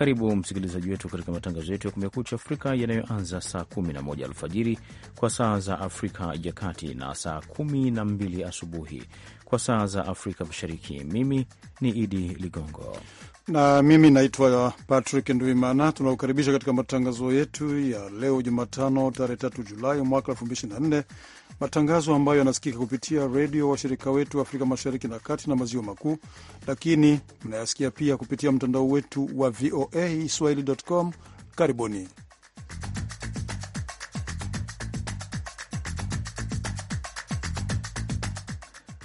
Karibu msikilizaji wetu katika matangazo yetu ya Kumekucha Afrika yanayoanza saa 11 alfajiri kwa saa za Afrika ya Kati na saa 12 asubuhi kwa saa za Afrika Mashariki. Mimi ni Idi Ligongo na mimi naitwa Patrick Nduimana. Tunakukaribisha katika matangazo yetu ya leo Jumatano, tarehe 3 Julai mwaka matangazo ambayo yanasikika kupitia redio washirika wetu Afrika Mashariki na Kati na Maziwa Makuu, lakini mnayasikia pia kupitia mtandao wetu wa VOA swahili.com. Karibuni.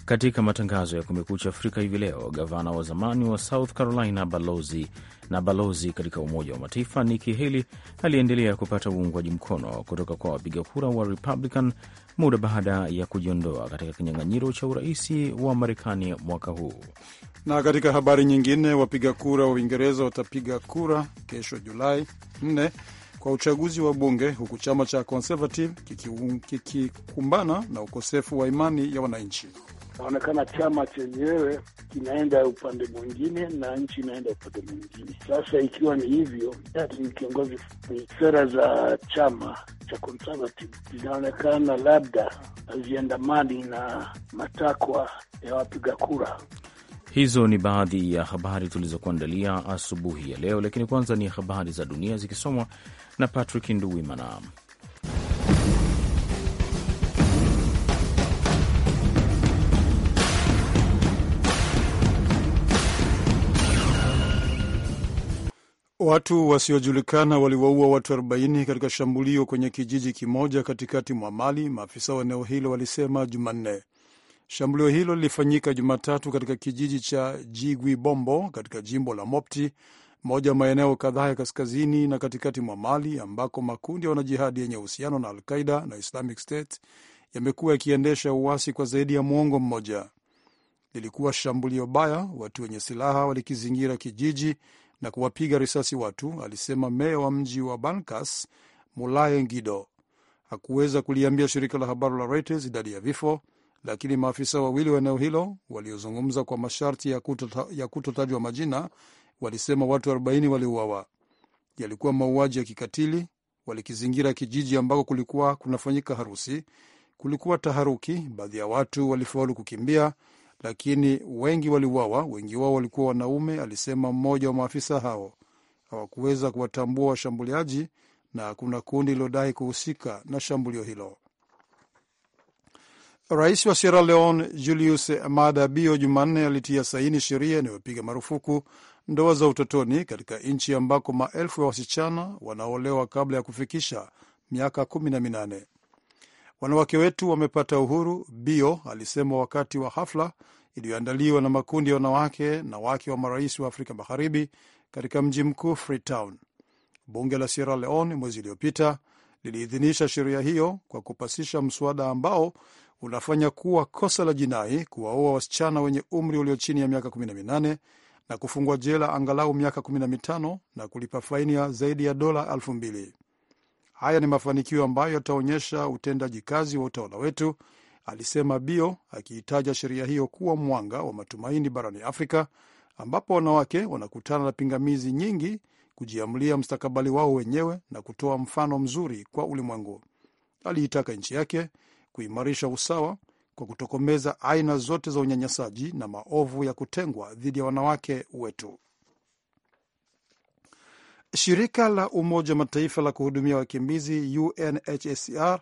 Katika matangazo ya Kumekucha Afrika hivi leo, gavana wa zamani wa South Carolina balozi na balozi katika Umoja wa Mataifa Nikki Haley aliendelea kupata uungwaji mkono kutoka kwa wapiga kura wa Republican muda baada ya kujiondoa katika kinyang'anyiro cha urais wa Marekani mwaka huu. Na katika habari nyingine, wapiga kura wa Uingereza watapiga kura kesho Julai 4 kwa uchaguzi wa bunge, huku chama cha Conservative kikikumbana kiki na ukosefu wa imani ya wananchi naonekana chama chenyewe kinaenda upande mwingine na nchi inaenda upande mwingine. Sasa ikiwa ni hivyo, ni kiongozi, ni sera za chama cha Conservative zinaonekana labda haziandamani na matakwa ya wapiga kura. Hizo ni baadhi ya habari tulizokuandalia asubuhi ya leo, lakini kwanza ni habari za dunia zikisomwa na Patrick Nduwimana. Watu wasiojulikana waliwaua watu 40 katika shambulio kwenye kijiji kimoja katikati mwa Mali, maafisa wa eneo hilo walisema Jumanne. Shambulio hilo lilifanyika Jumatatu katika kijiji cha Bombo katika jimbo la Mopti, moja ya maeneo kadhaa ya kaskazini na katikati mwa Mali ambako makundi ya wanajihadi yenye uhusiano na Alqaida na Islamic State yamekuwa yakiendesha uasi kwa zaidi ya mwongo mmoja. Lilikuwa shambulio baya, watu wenye silaha walikizingira kijiji na kuwapiga risasi watu, alisema meya wa mji wa Bankas Mulaye Ngido. Hakuweza kuliambia shirika la habari la Reuters idadi ya vifo, lakini maafisa wawili wa eneo hilo waliozungumza kwa masharti ya kutotajwa kuto majina walisema watu 40 waliuawa. Yalikuwa mauaji ya kikatili. Walikizingira kijiji ambako kulikuwa kunafanyika harusi. Kulikuwa taharuki, baadhi ya watu walifaulu kukimbia lakini wengi waliuawa. Wengi wao walikuwa wanaume, alisema mmoja wa maafisa hao. Hawakuweza kuwatambua washambuliaji na kuna kundi lilodai kuhusika na shambulio hilo. Rais wa Sierra Leone Julius Maada Bio Jumanne alitia saini sheria inayopiga marufuku ndoa za utotoni katika nchi ambako maelfu ya wasichana wanaolewa kabla ya kufikisha miaka kumi na minane. Wanawake wetu wamepata uhuru, Bio alisema wakati wa hafla iliyoandaliwa na makundi ya wanawake na wake wa marais wa Afrika Magharibi katika mji mkuu Freetown. Bunge la Sierra Leone mwezi uliopita liliidhinisha sheria hiyo kwa kupasisha mswada ambao unafanya kuwa kosa la jinai kuwaoa wasichana wenye umri ulio chini ya miaka 18 na kufungwa jela angalau miaka 15 na kulipa faini ya zaidi ya dola elfu mbili. Haya ni mafanikio ambayo yataonyesha utendaji kazi wa utawala wetu, alisema Bio, akiitaja sheria hiyo kuwa mwanga wa matumaini barani Afrika, ambapo wanawake wanakutana na pingamizi nyingi kujiamulia mstakabali wao wenyewe na kutoa mfano mzuri kwa ulimwengu. Aliitaka nchi yake kuimarisha usawa kwa kutokomeza aina zote za unyanyasaji na maovu ya kutengwa dhidi ya wanawake wetu. Shirika la Umoja wa Mataifa la kuhudumia wakimbizi UNHCR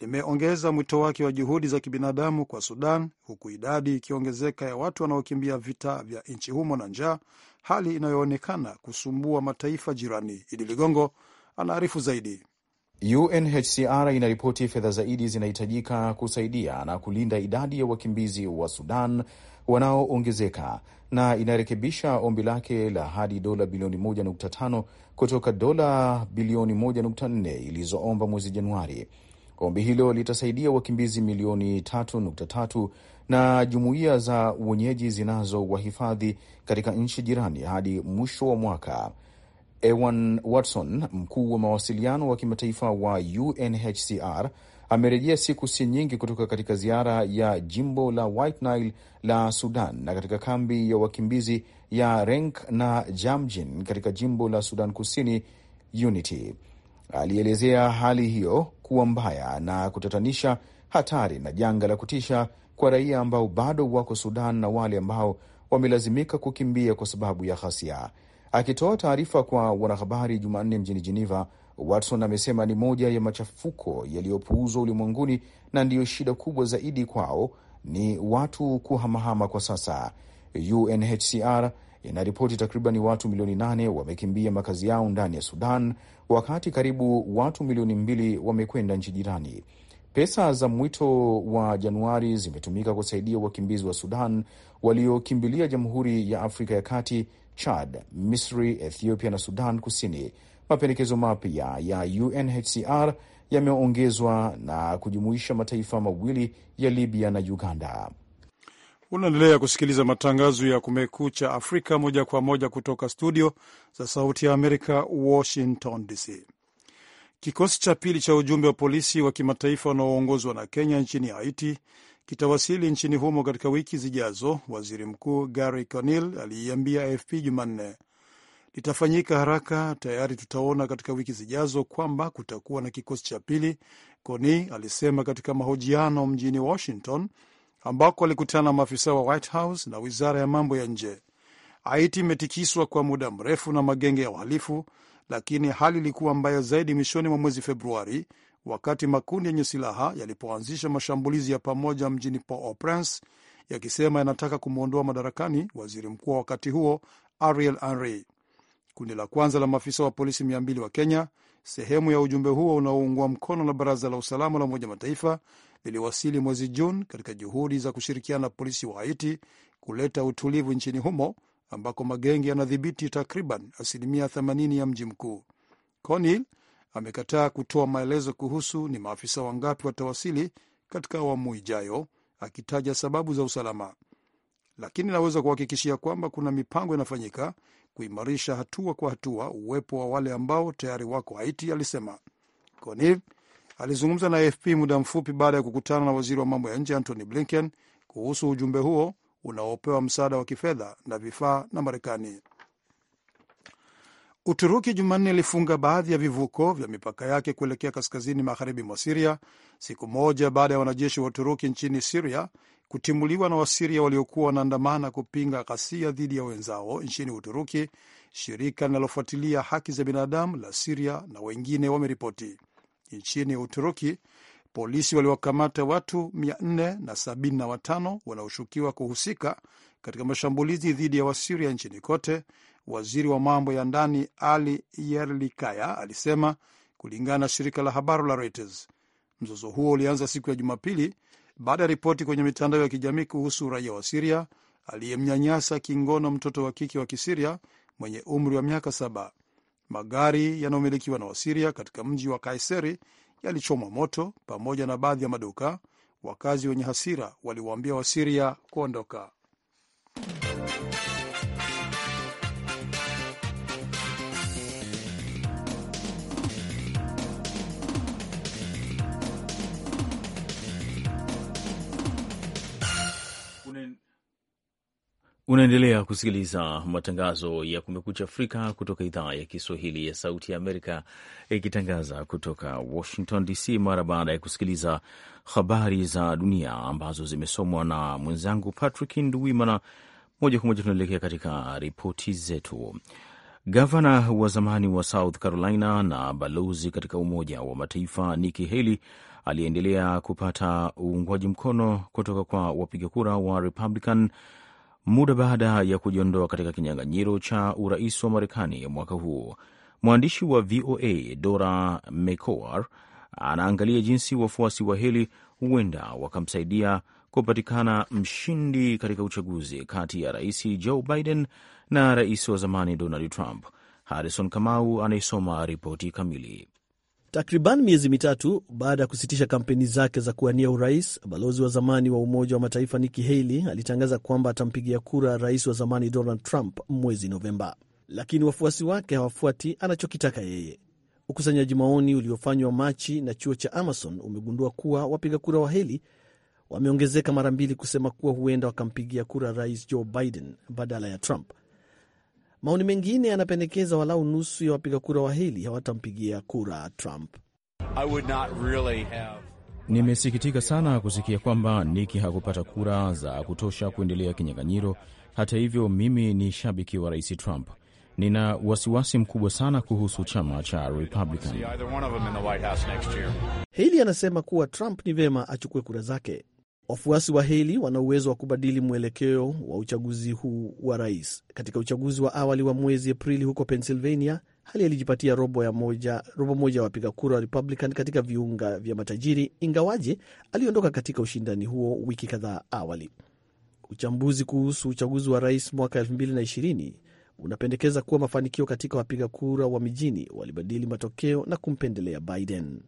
limeongeza mwito wake wa juhudi za kibinadamu kwa Sudan, huku idadi ikiongezeka ya watu wanaokimbia vita vya nchi humo na njaa, hali inayoonekana kusumbua mataifa jirani. Idi Ligongo anaarifu zaidi. UNHCR inaripoti fedha zaidi zinahitajika kusaidia na kulinda idadi ya wakimbizi wa Sudan wanaoongezeka na inarekebisha ombi lake la hadi dola bilioni 1.5 kutoka dola bilioni 1.4 ilizoomba mwezi Januari. Ombi hilo litasaidia wakimbizi milioni 3.3 na jumuiya za wenyeji zinazowahifadhi katika nchi jirani hadi mwisho wa mwaka. Ewan Watson, mkuu wa mawasiliano wa kimataifa wa UNHCR, amerejea siku si nyingi kutoka katika ziara ya jimbo la White Nile la Sudan na katika kambi ya wakimbizi ya Renk na Jamjin katika jimbo la Sudan Kusini Unity. Alielezea hali hiyo kuwa mbaya na kutatanisha, hatari na janga la kutisha kwa raia ambao bado wako Sudan na wale ambao wamelazimika kukimbia kwa sababu ya ghasia. Akitoa taarifa kwa wanahabari Jumanne mjini Geneva, Watson amesema ni moja ya machafuko yaliyopuuzwa ulimwenguni na ndiyo shida kubwa zaidi kwao ni watu kuhamahama kwa sasa. UNHCR inaripoti takriban watu milioni nane wamekimbia makazi yao ndani ya Sudan, wakati karibu watu milioni mbili wamekwenda nchi jirani. Pesa za mwito wa Januari zimetumika kusaidia wakimbizi wa Sudan waliokimbilia Jamhuri ya Afrika ya Kati Chad, Misri, Ethiopia na Sudan Kusini. Mapendekezo mapya ya UNHCR yameongezwa na kujumuisha mataifa mawili ya Libya na Uganda. Unaendelea kusikiliza matangazo ya Kumekucha Afrika moja kwa moja kutoka studio za Sauti ya Amerika, Washington DC. Kikosi cha pili cha ujumbe wa polisi wa kimataifa unaoongozwa na Kenya nchini Haiti kitawasili nchini humo katika wiki zijazo, waziri mkuu Gary Conil aliiambia AFP Jumanne. Litafanyika haraka, tayari tutaona katika wiki zijazo kwamba kutakuwa na kikosi cha pili, Coni alisema katika mahojiano mjini Washington, ambako alikutana maafisa wa White House na wizara ya mambo ya nje. Haiti imetikiswa kwa muda mrefu na magenge ya uhalifu, lakini hali ilikuwa mbaya zaidi mwishoni mwa mwezi Februari wakati makundi yenye silaha yalipoanzisha mashambulizi ya pamoja mjini Port-au-Prince yakisema yanataka kumwondoa madarakani waziri mkuu wa wakati huo Ariel Henry. Kundi la kwanza la maafisa wa polisi 200 wa Kenya, sehemu ya ujumbe huo unaoungwa mkono na Baraza la Usalama la Umoja Mataifa, liliwasili mwezi Juni katika juhudi za kushirikiana na polisi wa Haiti kuleta utulivu nchini humo ambako magenge yanadhibiti takriban asilimia 80 ya mji mkuu amekataa kutoa maelezo kuhusu ni maafisa wangapi watawasili katika awamu ijayo, akitaja sababu za usalama. Lakini naweza kuhakikishia kwamba kuna mipango inafanyika kuimarisha hatua kwa hatua uwepo wa wale ambao tayari wako Haiti, alisema Koniv. Alizungumza na AFP muda mfupi baada ya kukutana na waziri wa mambo ya nje Antony Blinken kuhusu ujumbe huo unaopewa msaada wa kifedha na vifaa na Marekani. Uturuki Jumanne ilifunga baadhi ya vivuko vya mipaka yake kuelekea kaskazini magharibi mwa Siria siku moja baada ya wanajeshi wa Uturuki nchini Siria kutimuliwa na Wasiria waliokuwa wanaandamana kupinga ghasia dhidi ya wenzao nchini Uturuki, shirika linalofuatilia haki za binadamu la Siria na wengine wameripoti. Nchini Uturuki, polisi waliwakamata watu 475 wanaoshukiwa kuhusika katika mashambulizi dhidi ya Wasiria nchini kote Waziri wa mambo ya ndani Ali Yerlikaya alisema kulingana na shirika la habari la Reuters. Mzozo huo ulianza siku ya Jumapili baada ya ripoti kwenye mitandao ya kijamii kuhusu raia wa Siria aliyemnyanyasa kingono mtoto wa kike wa Kisiria mwenye umri wa miaka saba. Magari yanayomilikiwa na Wasiria katika mji wa Kaiseri yalichomwa moto pamoja na baadhi ya maduka. Wakazi wenye hasira waliwaambia Wasiria kuondoka. Unaendelea kusikiliza matangazo ya Kumekucha Afrika kutoka idhaa ya Kiswahili ya Sauti ya Amerika, ikitangaza kutoka Washington DC, mara baada ya kusikiliza habari za dunia ambazo zimesomwa na mwenzangu Patrick Nduwimana. Moja kwa moja tunaelekea katika ripoti zetu. Gavana wa zamani wa South Carolina na balozi katika Umoja wa Mataifa Nikki Haley aliendelea kupata uungwaji mkono kutoka kwa wapiga kura wa Republican muda baada ya kujiondoa katika kinyang'anyiro cha urais wa Marekani mwaka huu. Mwandishi wa VOA Dora McCoar anaangalia jinsi wafuasi wa Heli huenda wakamsaidia kupatikana mshindi katika uchaguzi kati ya rais Joe Biden na rais wa zamani Donald Trump. Harrison Kamau anayesoma ripoti kamili. Takriban miezi mitatu baada ya kusitisha kampeni zake za kuwania urais, balozi wa zamani wa Umoja wa Mataifa Nikki Haley alitangaza kwamba atampigia kura rais wa zamani Donald Trump mwezi Novemba, lakini wafuasi wake hawafuati anachokitaka yeye. Ukusanyaji maoni uliofanywa Machi na chuo cha Amazon umegundua kuwa wapiga kura wa Haley wameongezeka mara mbili kusema kuwa huenda wakampigia kura rais Joe Biden badala ya Trump Maoni mengine yanapendekeza walau nusu ya wapiga kura wa hili hawatampigia kura Trump. Really have... nimesikitika sana kusikia kwamba Niki hakupata kura za kutosha kuendelea kinyang'anyiro. Hata hivyo, mimi ni shabiki wa rais Trump. Nina wasiwasi mkubwa sana kuhusu chama cha Republican. Hili anasema kuwa Trump ni vyema achukue kura zake. Wafuasi wa Haley wana uwezo wa kubadili mwelekeo wa uchaguzi huu wa rais. Katika uchaguzi wa awali wa mwezi Aprili huko Pennsylvania, Haley alijipatia robo ya moja, robo moja ya wapiga kura wa Republican katika viunga vya matajiri, ingawaje aliondoka katika ushindani huo wiki kadhaa awali. Uchambuzi kuhusu uchaguzi wa rais mwaka 2020 unapendekeza kuwa mafanikio katika wapiga kura wa mijini walibadili matokeo na kumpendelea Biden.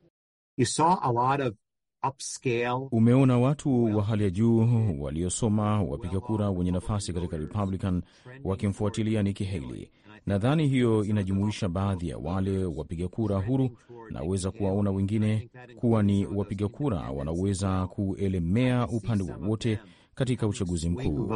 You saw a lot of upscale. Umeona watu wa hali ya juu eh, waliosoma, wapiga kura wenye nafasi katika Republican wakimfuatilia Nikki Haley. Nadhani hiyo inajumuisha baadhi ya wale wapiga kura huru. Naweza kuwaona wengine kuwa ni wapiga kura wanaweza kuelemea upande wowote katika uchaguzi mkuu.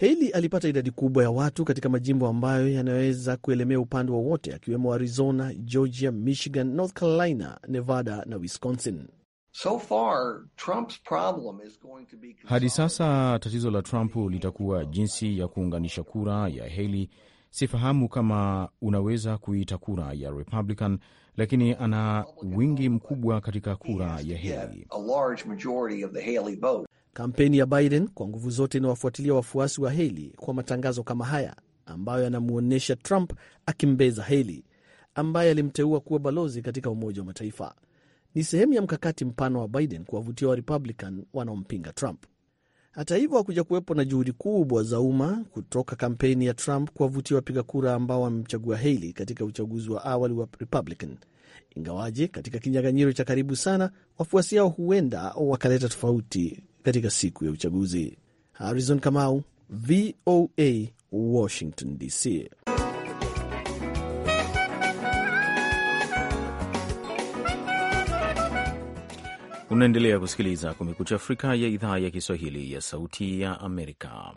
Haley alipata idadi kubwa ya watu katika majimbo ambayo yanaweza kuelemea upande wowote akiwemo Arizona, Georgia, Michigan, North Carolina, Nevada na Wisconsin. So far, Trump's problem is going to be... hadi sasa tatizo la Trump litakuwa jinsi ya kuunganisha kura ya Haley. Sifahamu kama unaweza kuita kura ya Republican, lakini ana wingi mkubwa katika kura ya Haley. Kampeni ya Biden kwa nguvu zote inawafuatilia wafuasi wa Haley kwa matangazo kama haya ambayo yanamwonyesha Trump akimbeza Haley ambaye alimteua kuwa balozi katika Umoja wa Mataifa. Ni sehemu ya mkakati mpana wa Biden kuwavutia wa Republican wanaompinga Trump. Hata hivyo, hakuja kuwepo na juhudi kubwa za umma kutoka kampeni ya Trump kuwavutia wapiga kura ambao wamemchagua Haley katika uchaguzi wa awali wa Republican. Ingawaje katika kinyang'anyiro cha karibu sana, wafuasi hao huenda wakaleta tofauti katika siku ya uchaguzi. Harrison Kamau, VOA, Washington DC. Unaendelea kusikiliza Kumekucha Afrika ya idhaa ya Kiswahili ya Sauti ya Amerika.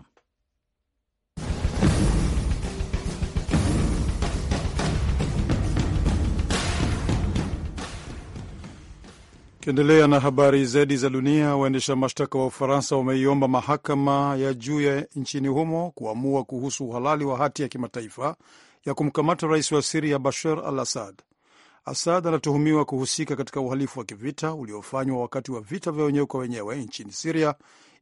Tukiendelea na habari zaidi za dunia, waendesha mashtaka wa Ufaransa wameiomba mahakama ya juu ya nchini humo kuamua kuhusu uhalali wa hati ya kimataifa ya kumkamata rais wa Siria Bashar al Assad. Assad anatuhumiwa kuhusika katika uhalifu wa kivita uliofanywa wakati wa vita vya wenyewe kwa wenyewe nchini Siria,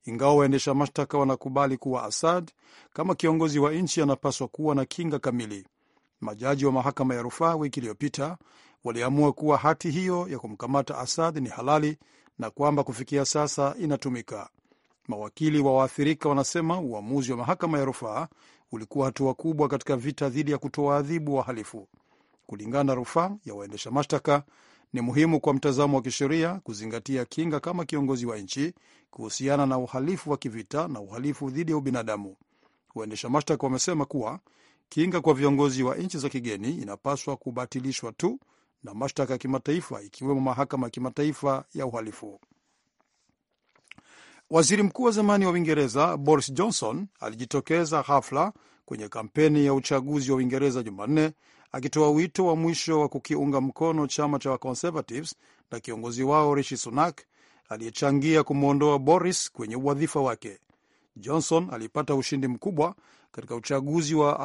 ingawa waendesha mashtaka wanakubali kuwa Assad kama kiongozi wa nchi anapaswa kuwa na kinga kamili. Majaji wa mahakama ya rufaa wiki iliyopita waliamua kuwa hati hiyo ya kumkamata Asad ni halali na kwamba kufikia sasa inatumika. Mawakili wa waathirika wanasema uamuzi wa mahakama ya rufaa ulikuwa hatua kubwa katika vita dhidi ya kutoa adhibu wahalifu. Kulingana na rufaa ya waendesha mashtaka, ni muhimu kwa mtazamo wa kisheria kuzingatia kinga kama kiongozi wa nchi kuhusiana na uhalifu wa kivita na uhalifu dhidi ya ubinadamu. Waendesha mashtaka wamesema kuwa kinga kwa viongozi wa nchi za kigeni inapaswa kubatilishwa tu na mashtaka ya kimataifa ikiwemo mahakama ya kimataifa ya uhalifu. Waziri mkuu wa zamani wa Uingereza Boris Johnson alijitokeza hafla kwenye kampeni ya uchaguzi wa Uingereza Jumanne akitoa wito wa mwisho wa kukiunga mkono chama cha Conservatives na kiongozi wao Rishi Sunak aliyechangia kumwondoa Boris kwenye wadhifa wake. Johnson alipata ushindi mkubwa katika uchaguzi wa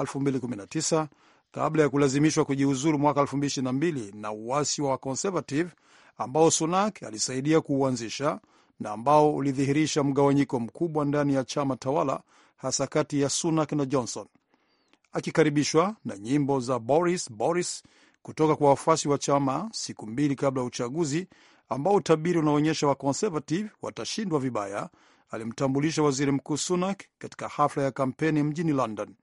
kabla ya kulazimishwa kujiuzuru mwaka 2022 na uasi wa Conservative ambao Sunak alisaidia kuuanzisha na ambao ulidhihirisha mgawanyiko mkubwa ndani ya chama tawala, hasa kati ya Sunak na Johnson. Akikaribishwa na nyimbo za Boris Boris kutoka kwa wafuasi wa chama siku mbili kabla ya uchaguzi ambao utabiri unaonyesha wakonservative watashindwa vibaya, alimtambulisha waziri mkuu Sunak katika hafla ya kampeni mjini London.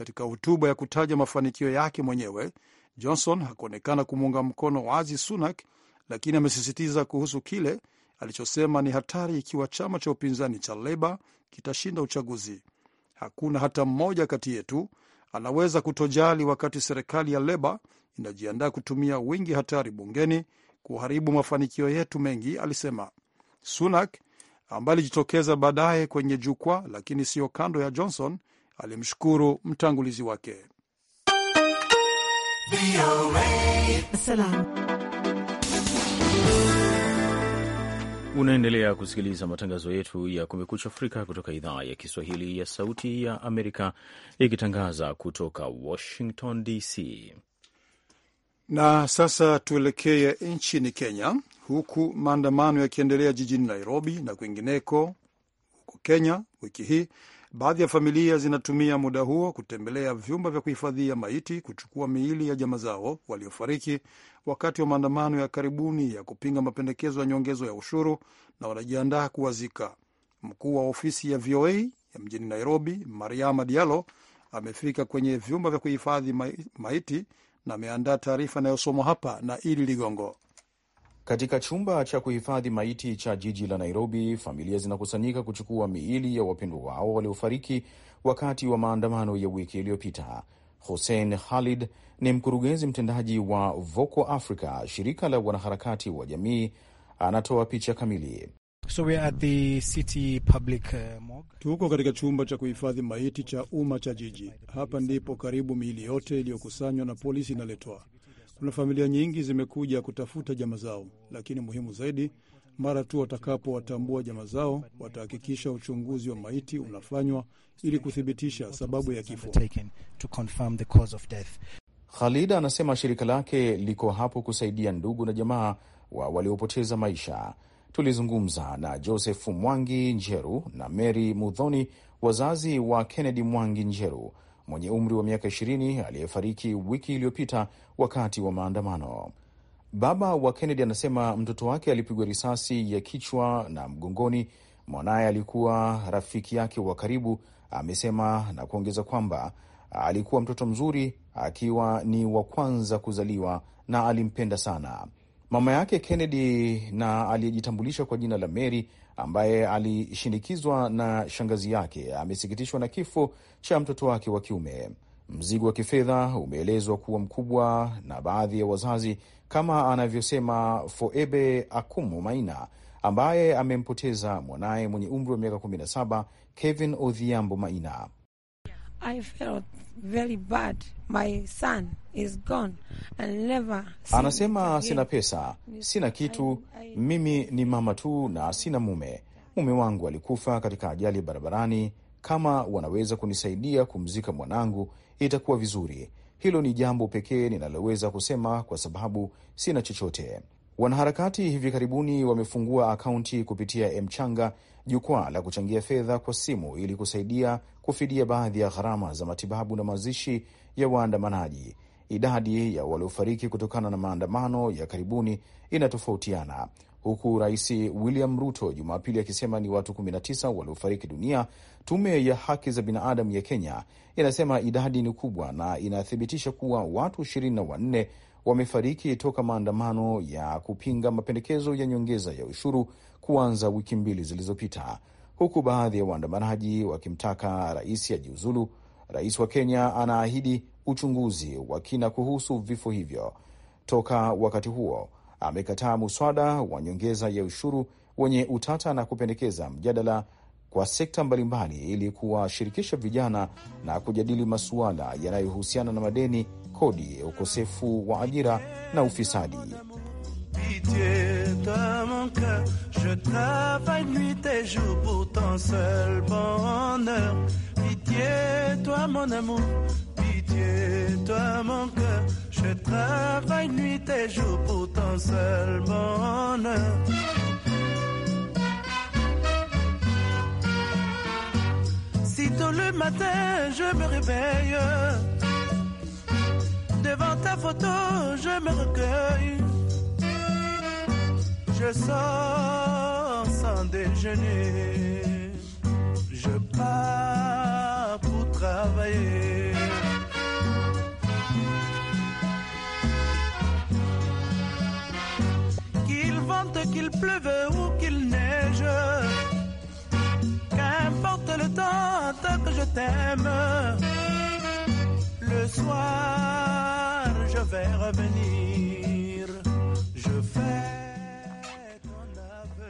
Katika hotuba ya kutaja mafanikio yake mwenyewe, Johnson hakuonekana kumuunga mkono wazi Sunak, lakini amesisitiza kuhusu kile alichosema ni hatari ikiwa chama cha upinzani cha Leba kitashinda uchaguzi. Hakuna hata mmoja kati yetu anaweza kutojali wakati serikali ya Leba inajiandaa kutumia wingi hatari bungeni kuharibu mafanikio yetu mengi, alisema Sunak ambaye alijitokeza baadaye kwenye jukwaa, lakini siyo kando ya Johnson, alimshukuru mtangulizi wake. Unaendelea kusikiliza matangazo yetu ya Kumekucha Afrika kutoka idhaa ya Kiswahili ya Sauti ya Amerika, ikitangaza kutoka Washington DC. Na sasa tuelekee nchini Kenya, huku maandamano yakiendelea jijini Nairobi na kwingineko huko Kenya wiki hii Baadhi ya familia zinatumia muda huo kutembelea vyumba vya kuhifadhia maiti kuchukua miili ya jamaa zao waliofariki wakati wa maandamano ya karibuni ya kupinga mapendekezo ya nyongezo ya ushuru na wanajiandaa kuwazika. Mkuu wa ofisi ya VOA ya mjini Nairobi, Mariama Diallo, amefika kwenye vyumba vya kuhifadhi maiti na ameandaa taarifa inayosomwa hapa na Idi Ligongo. Katika chumba cha kuhifadhi maiti cha jiji la Nairobi, familia zinakusanyika kuchukua miili ya wapendwa wao waliofariki wakati wa maandamano ya wiki iliyopita. Hussein Khalid ni mkurugenzi mtendaji wa Voco Africa, shirika la wanaharakati wa jamii, anatoa picha kamili. So we are at the city public, uh, morgue. Tuko katika chumba cha kuhifadhi maiti cha umma cha jiji. Hapa ndipo karibu miili yote iliyokusanywa na polisi inaletwa. Kuna familia nyingi zimekuja kutafuta jamaa zao, lakini muhimu zaidi, mara tu watakapowatambua jamaa zao, watahakikisha uchunguzi wa maiti unafanywa ili kuthibitisha sababu ya kifo. Khalida anasema shirika lake liko hapo kusaidia ndugu na jamaa wa waliopoteza maisha. Tulizungumza na Joseph Mwangi Njeru na Mary Mudhoni, wazazi wa Kennedy Mwangi Njeru mwenye umri wa miaka 20 aliyefariki wiki iliyopita wakati wa maandamano. Baba wa Kennedy anasema mtoto wake alipigwa risasi ya kichwa na mgongoni. Mwanaye alikuwa rafiki yake wa karibu, amesema na kuongeza kwamba alikuwa mtoto mzuri, akiwa ni wa kwanza kuzaliwa na alimpenda sana. Mama yake Kennedy na aliyejitambulisha kwa jina la Mary ambaye alishinikizwa na shangazi yake amesikitishwa na kifo cha mtoto wake wa kiume. Mzigo wa kifedha umeelezwa kuwa mkubwa na baadhi ya wazazi, kama anavyosema Foebe Akumu Maina ambaye amempoteza mwanaye mwenye umri wa miaka 17 Kevin Odhiambo Maina. I felt very bad. My son is gone and never. Anasema sina pesa, sina kitu. I, I, mimi ni mama tu na sina mume. Mume wangu alikufa katika ajali barabarani. Kama wanaweza kunisaidia kumzika mwanangu itakuwa vizuri. Hilo ni jambo pekee ninaloweza kusema kwa sababu sina chochote. Wanaharakati hivi karibuni wamefungua akaunti kupitia Mchanga jukwaa la kuchangia fedha kwa simu ili kusaidia kufidia baadhi ya gharama za matibabu na mazishi ya waandamanaji. Idadi ya waliofariki kutokana na maandamano ya karibuni inatofautiana, huku Rais William Ruto Jumapili akisema ni watu 19 waliofariki dunia. Tume ya haki za binadamu ya Kenya inasema idadi ni kubwa na inathibitisha kuwa watu ishirini na wanne wamefariki toka maandamano ya kupinga mapendekezo ya nyongeza ya ushuru kuanza wiki mbili zilizopita, huku baadhi ya waandamanaji wakimtaka rais ajiuzulu. Rais wa Kenya anaahidi uchunguzi wa kina kuhusu vifo hivyo. Toka wakati huo amekataa muswada wa nyongeza ya ushuru wenye utata na kupendekeza mjadala kwa sekta mbalimbali ili kuwashirikisha vijana na kujadili masuala yanayohusiana na madeni Pitié toi, mon coeur, je travaille nuit et jour pour ton seul bonheur. Pitié toi, mon amour, pitié toi, mon coeur, je travaille nuit et jour pour ton seul bonheur. Sitôt le matin, je me réveille. Devant ta photo, je me recueille. Je sors sans déjeuner. Je pars pour travailler. Qu'il vente, qu'il pleuve ou qu'il neige. Qu'importe le temps, tant que je t'aime. Le soir je vais revenir je fais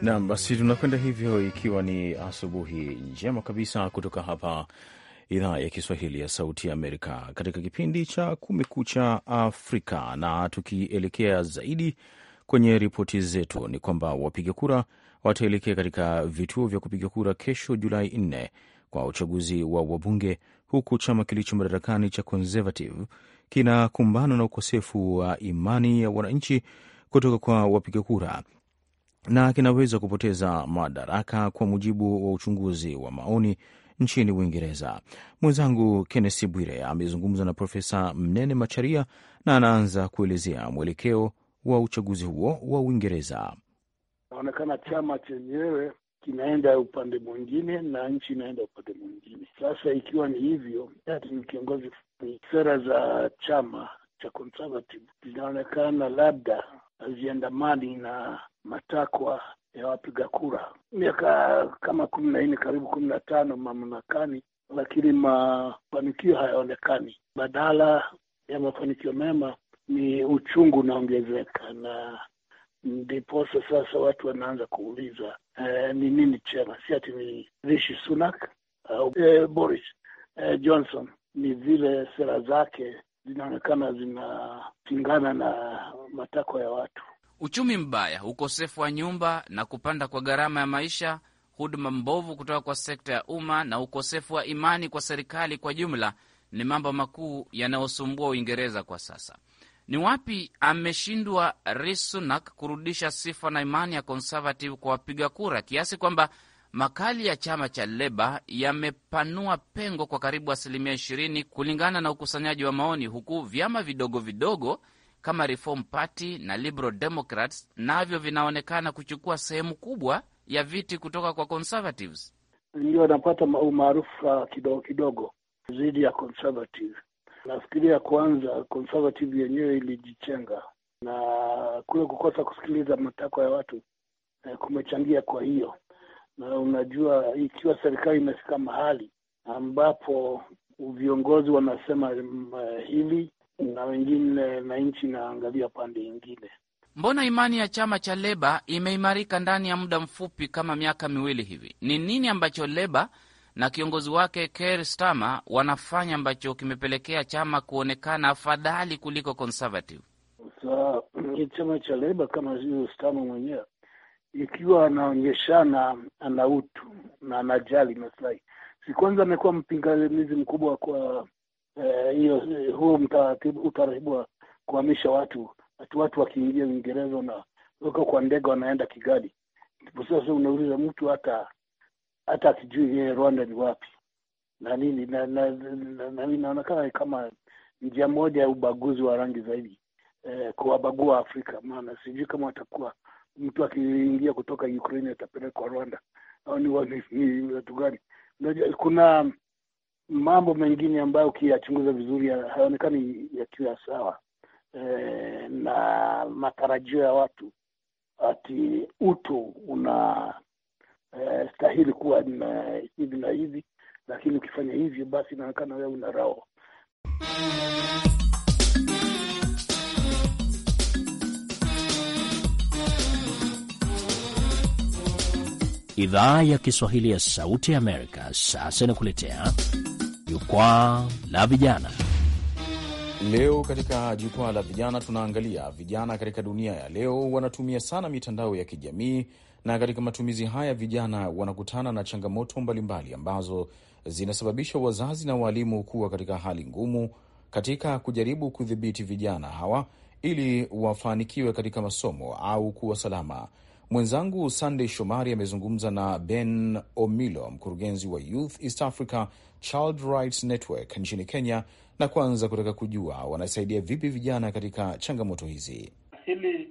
nam. Basi tunakwenda hivyo, ikiwa ni asubuhi njema kabisa kutoka hapa idhaa ya Kiswahili ya Sauti ya Amerika katika kipindi cha Kumekucha Afrika. Na tukielekea zaidi kwenye ripoti zetu, ni kwamba wapiga kura wataelekea katika vituo vya kupiga kura kesho Julai 4 kwa uchaguzi wa wabunge, huku chama kilicho madarakani cha Conservative kinakumbana na ukosefu wa imani ya wananchi kutoka kwa wapiga kura na kinaweza kupoteza madaraka, kwa mujibu wa uchunguzi wa maoni nchini Uingereza. Mwenzangu Kennesi Bwire amezungumza na Profesa Mnene Macharia na anaanza kuelezea mwelekeo wa uchaguzi huo wa Uingereza. Inaonekana chama chenyewe kinaenda upande mwingine na nchi inaenda upande mwingine. Sasa ikiwa ni hivyo, ni kiongozi, sera za chama cha Conservative zinaonekana labda haziandamani na matakwa ya wapiga kura. Miaka kama kumi na nne karibu kumi na tano mamlakani, lakini mafanikio hayaonekani. Badala ya mafanikio mema ni uchungu unaongezeka na ndiposa sasa watu wanaanza kuuliza eh, ni nini chema, si ati ni Rishi Sunak au eh, Boris eh, Johnson. Ni vile sera zake zinaonekana zinapingana na matakwa ya watu. Uchumi mbaya, ukosefu wa nyumba na kupanda kwa gharama ya maisha, huduma mbovu kutoka kwa sekta ya umma na ukosefu wa imani kwa serikali kwa jumla, ni mambo makuu yanayosumbua Uingereza kwa sasa. Ni wapi ameshindwa Risunak kurudisha sifa na imani ya Conservative kwa wapiga kura kiasi kwamba makali ya chama cha Leba yamepanua pengo kwa karibu asilimia 20 kulingana na ukusanyaji wa maoni, huku vyama vidogo vidogo kama Reform Party na Liberal Democrats navyo vinaonekana kuchukua sehemu kubwa ya viti kutoka kwa Conservatives, ndio wanapata umaarufu uh, kidogo kidogo zaidi ya Conservative. Nafikiria kwanza, Conservative yenyewe ilijichenga na kule kukosa kusikiliza matakwa ya watu eh, kumechangia. Kwa hiyo na unajua, ikiwa serikali imefika mahali ambapo viongozi wanasema eh, hili na wengine na nchi inaangalia pande ingine. Mbona imani ya chama cha Leba imeimarika ndani ya muda mfupi kama miaka miwili hivi? Ni nini ambacho Leba na kiongozi wake Keir Starmer wanafanya ambacho kimepelekea chama kuonekana afadhali kuliko Conservative. Sasa chama cha Leba kama Starmer mwenyewe, ikiwa anaonyeshana ana utu na anajali maslahi, si kwanza amekuwa mpingamizi mkubwa kwa eh, hiyo eh, huo mtaratibu utaratibu wa kuhamisha watu ati watu wakiingia Uingereza na weka kwa ndege wanaenda Kigali. Ndipo sasa unauliza mtu hata hata akijui yeye Rwanda ni wapi na nini, na, na, na, na inaonekana kama njia moja ya ubaguzi wa rangi zaidi eh, kuwabagua Afrika. Maana sijui kama watakuwa mtu akiingia kutoka Ukraine atapelekwa Rwanda au ni watu gani? Kuna mambo mengine ambayo ukiyachunguza vizuri hayaonekani yakiwa sawa eh, na matarajio ya watu ati utu una Eh, stahili kuwa na hivi na hivi, lakini ukifanya hivyo basi inaonekana wewe una rao. Idhaa ya Kiswahili ya Sauti ya Amerika sasa inakuletea jukwaa la vijana. Leo katika jukwaa la vijana tunaangalia vijana katika dunia ya leo wanatumia sana mitandao ya kijamii na katika matumizi haya vijana wanakutana na changamoto mbalimbali ambazo zinasababisha wazazi na waalimu kuwa katika hali ngumu katika kujaribu kudhibiti vijana hawa ili wafanikiwe katika masomo au kuwa salama. Mwenzangu Sandey Shomari amezungumza na Ben Omilo, mkurugenzi wa Youth East Africa Child Rights Network nchini Kenya, na kwanza kutaka kujua wanasaidia vipi vijana katika changamoto hizi. Hili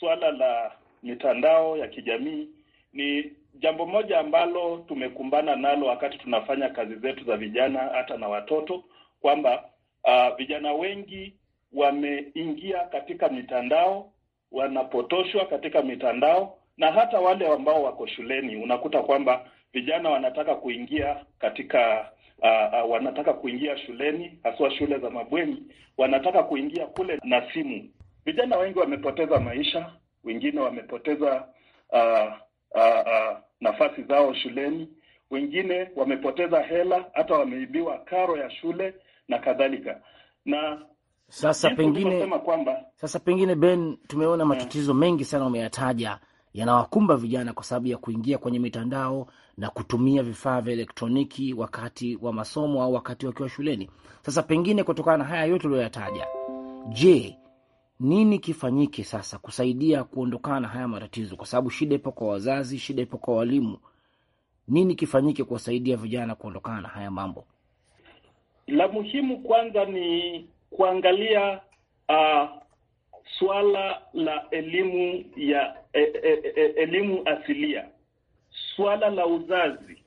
suala la mitandao ya kijamii ni jambo moja ambalo tumekumbana nalo wakati tunafanya kazi zetu za vijana hata na watoto, kwamba uh, vijana wengi wameingia katika mitandao, wanapotoshwa katika mitandao, na hata wale ambao wako shuleni unakuta kwamba vijana wanataka kuingia katika uh, uh, wanataka kuingia shuleni, haswa shule za mabweni, wanataka kuingia kule na simu. Vijana wengi wamepoteza maisha wengine wamepoteza uh, uh, uh, nafasi zao shuleni, wengine wamepoteza hela, hata wameibiwa karo ya shule na kadhalika. Na sasa pengine kwamba sasa pengine Ben, tumeona mm. matatizo yeah, mengi sana umeyataja yanawakumba vijana kwa sababu ya kuingia kwenye mitandao na kutumia vifaa vya elektroniki wakati wa masomo au wakati wakiwa shuleni. Sasa pengine kutokana na haya yote uliyoyataja, je, nini kifanyike sasa kusaidia kuondokana na haya matatizo, kwa sababu shida ipo kwa wazazi, shida ipo kwa walimu. Nini kifanyike kuwasaidia vijana kuondokana na haya mambo? La muhimu kwanza ni kuangalia uh, swala la elimu ya e, e, e, elimu asilia, swala la uzazi,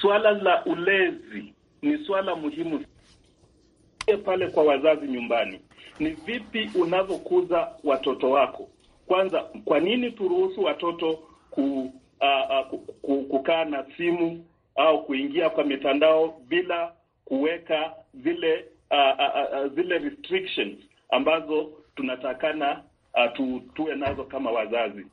swala la ulezi ni swala muhimu pale kwa wazazi nyumbani ni vipi unavyokuza watoto wako. Kwanza, kwa nini turuhusu watoto ku, uh, ku, ku, kukaa na simu au kuingia kwa mitandao bila kuweka zile uh, uh, uh, zile restrictions ambazo tunatakana uh, tu, tuwe nazo kama wazazi.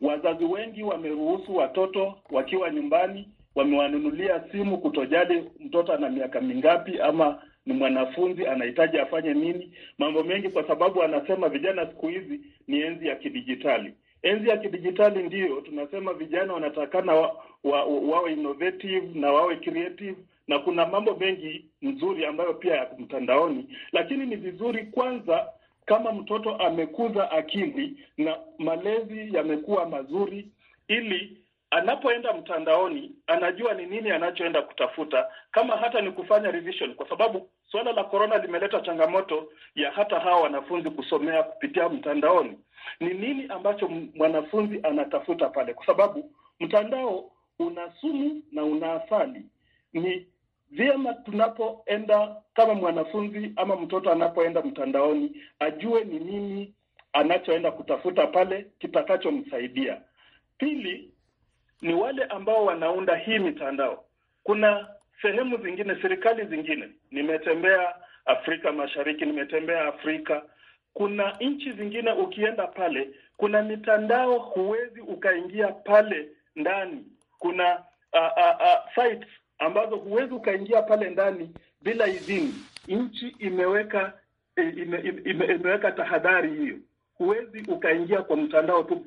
Wazazi wengi wameruhusu watoto wakiwa nyumbani, wamewanunulia simu, kutojali mtoto ana miaka mingapi ama ni mwanafunzi, anahitaji afanye nini, mambo mengi, kwa sababu anasema vijana siku hizi ni enzi ya kidijitali. Enzi ya kidijitali ndiyo tunasema vijana wanatakana wa, wa, wawe innovative na wawe creative na kuna mambo mengi nzuri ambayo pia ya mtandaoni, lakini ni vizuri kwanza, kama mtoto amekuza akili na malezi yamekuwa mazuri, ili anapoenda mtandaoni anajua ni nini anachoenda kutafuta, kama hata ni kufanya revision, kwa sababu Swala la korona limeleta changamoto ya hata hawa wanafunzi kusomea kupitia mtandaoni. Ni nini ambacho mwanafunzi anatafuta pale? Kwa sababu mtandao una sumu na una asali. Ni vyema tunapoenda kama mwanafunzi ama mtoto anapoenda mtandaoni, ajue ni nini anachoenda kutafuta pale kitakachomsaidia. Pili ni wale ambao wanaunda hii mitandao, kuna sehemu zingine, serikali zingine. Nimetembea Afrika Mashariki, nimetembea Afrika. Kuna nchi zingine ukienda pale, kuna mitandao huwezi ukaingia pale ndani. Kuna a, a, a, sites ambazo huwezi ukaingia pale ndani bila idhini. Nchi imeweka e, ime, ime, imeweka tahadhari hiyo, huwezi ukaingia kwa mtandao tu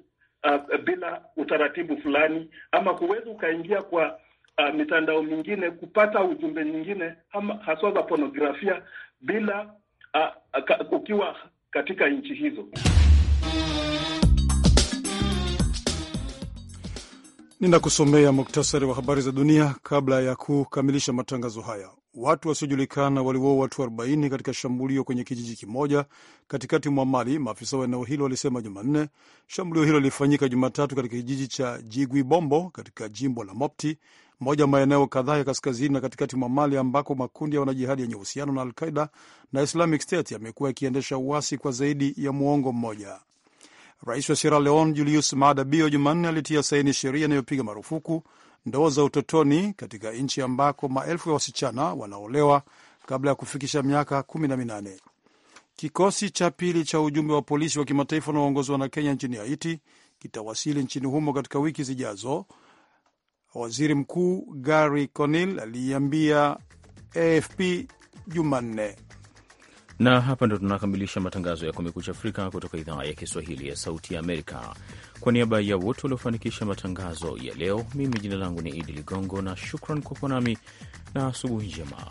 uh, bila utaratibu fulani, ama huwezi ukaingia kwa uh, mitandao mingine kupata ujumbe nyingine haswa za pornografia bila uh, ukiwa katika nchi hizo. Ninakusomea muktasari wa habari za dunia kabla ya kukamilisha matangazo haya. Watu wasiojulikana waliua watu 40 katika shambulio kwenye kijiji kimoja katikati mwa Mali, maafisa wa eneo hilo walisema Jumanne. Shambulio hilo lilifanyika Jumatatu katika kijiji cha Jigwi Bombo katika jimbo la Mopti moja maeneo kadhaa ya kaskazini na katikati mwa Mali ambako makundi ya wanajihadi yenye uhusiano na Alqaida na Islamic State yamekuwa yakiendesha uasi kwa zaidi ya muongo mmoja. Rais wa Sierra Leone Julius Maada Bio Jumanne alitia saini sheria inayopiga marufuku ndoa za utotoni katika nchi ambako maelfu ya wasichana wanaolewa kabla ya kufikisha miaka kumi na minane. Kikosi cha pili cha ujumbe wa polisi wa kimataifa unaoongozwa na Kenya nchini Haiti kitawasili nchini humo katika wiki zijazo Waziri Mkuu Gary Conil aliiambia AFP Jumanne. Na hapa ndo tunakamilisha matangazo ya Kumekucha Afrika kutoka idhaa ya Kiswahili ya Sauti ya Amerika. Kwa niaba ya wote waliofanikisha matangazo ya leo, mimi jina langu ni Idi Ligongo na shukran kwa kuwa nami na asubuhi njema.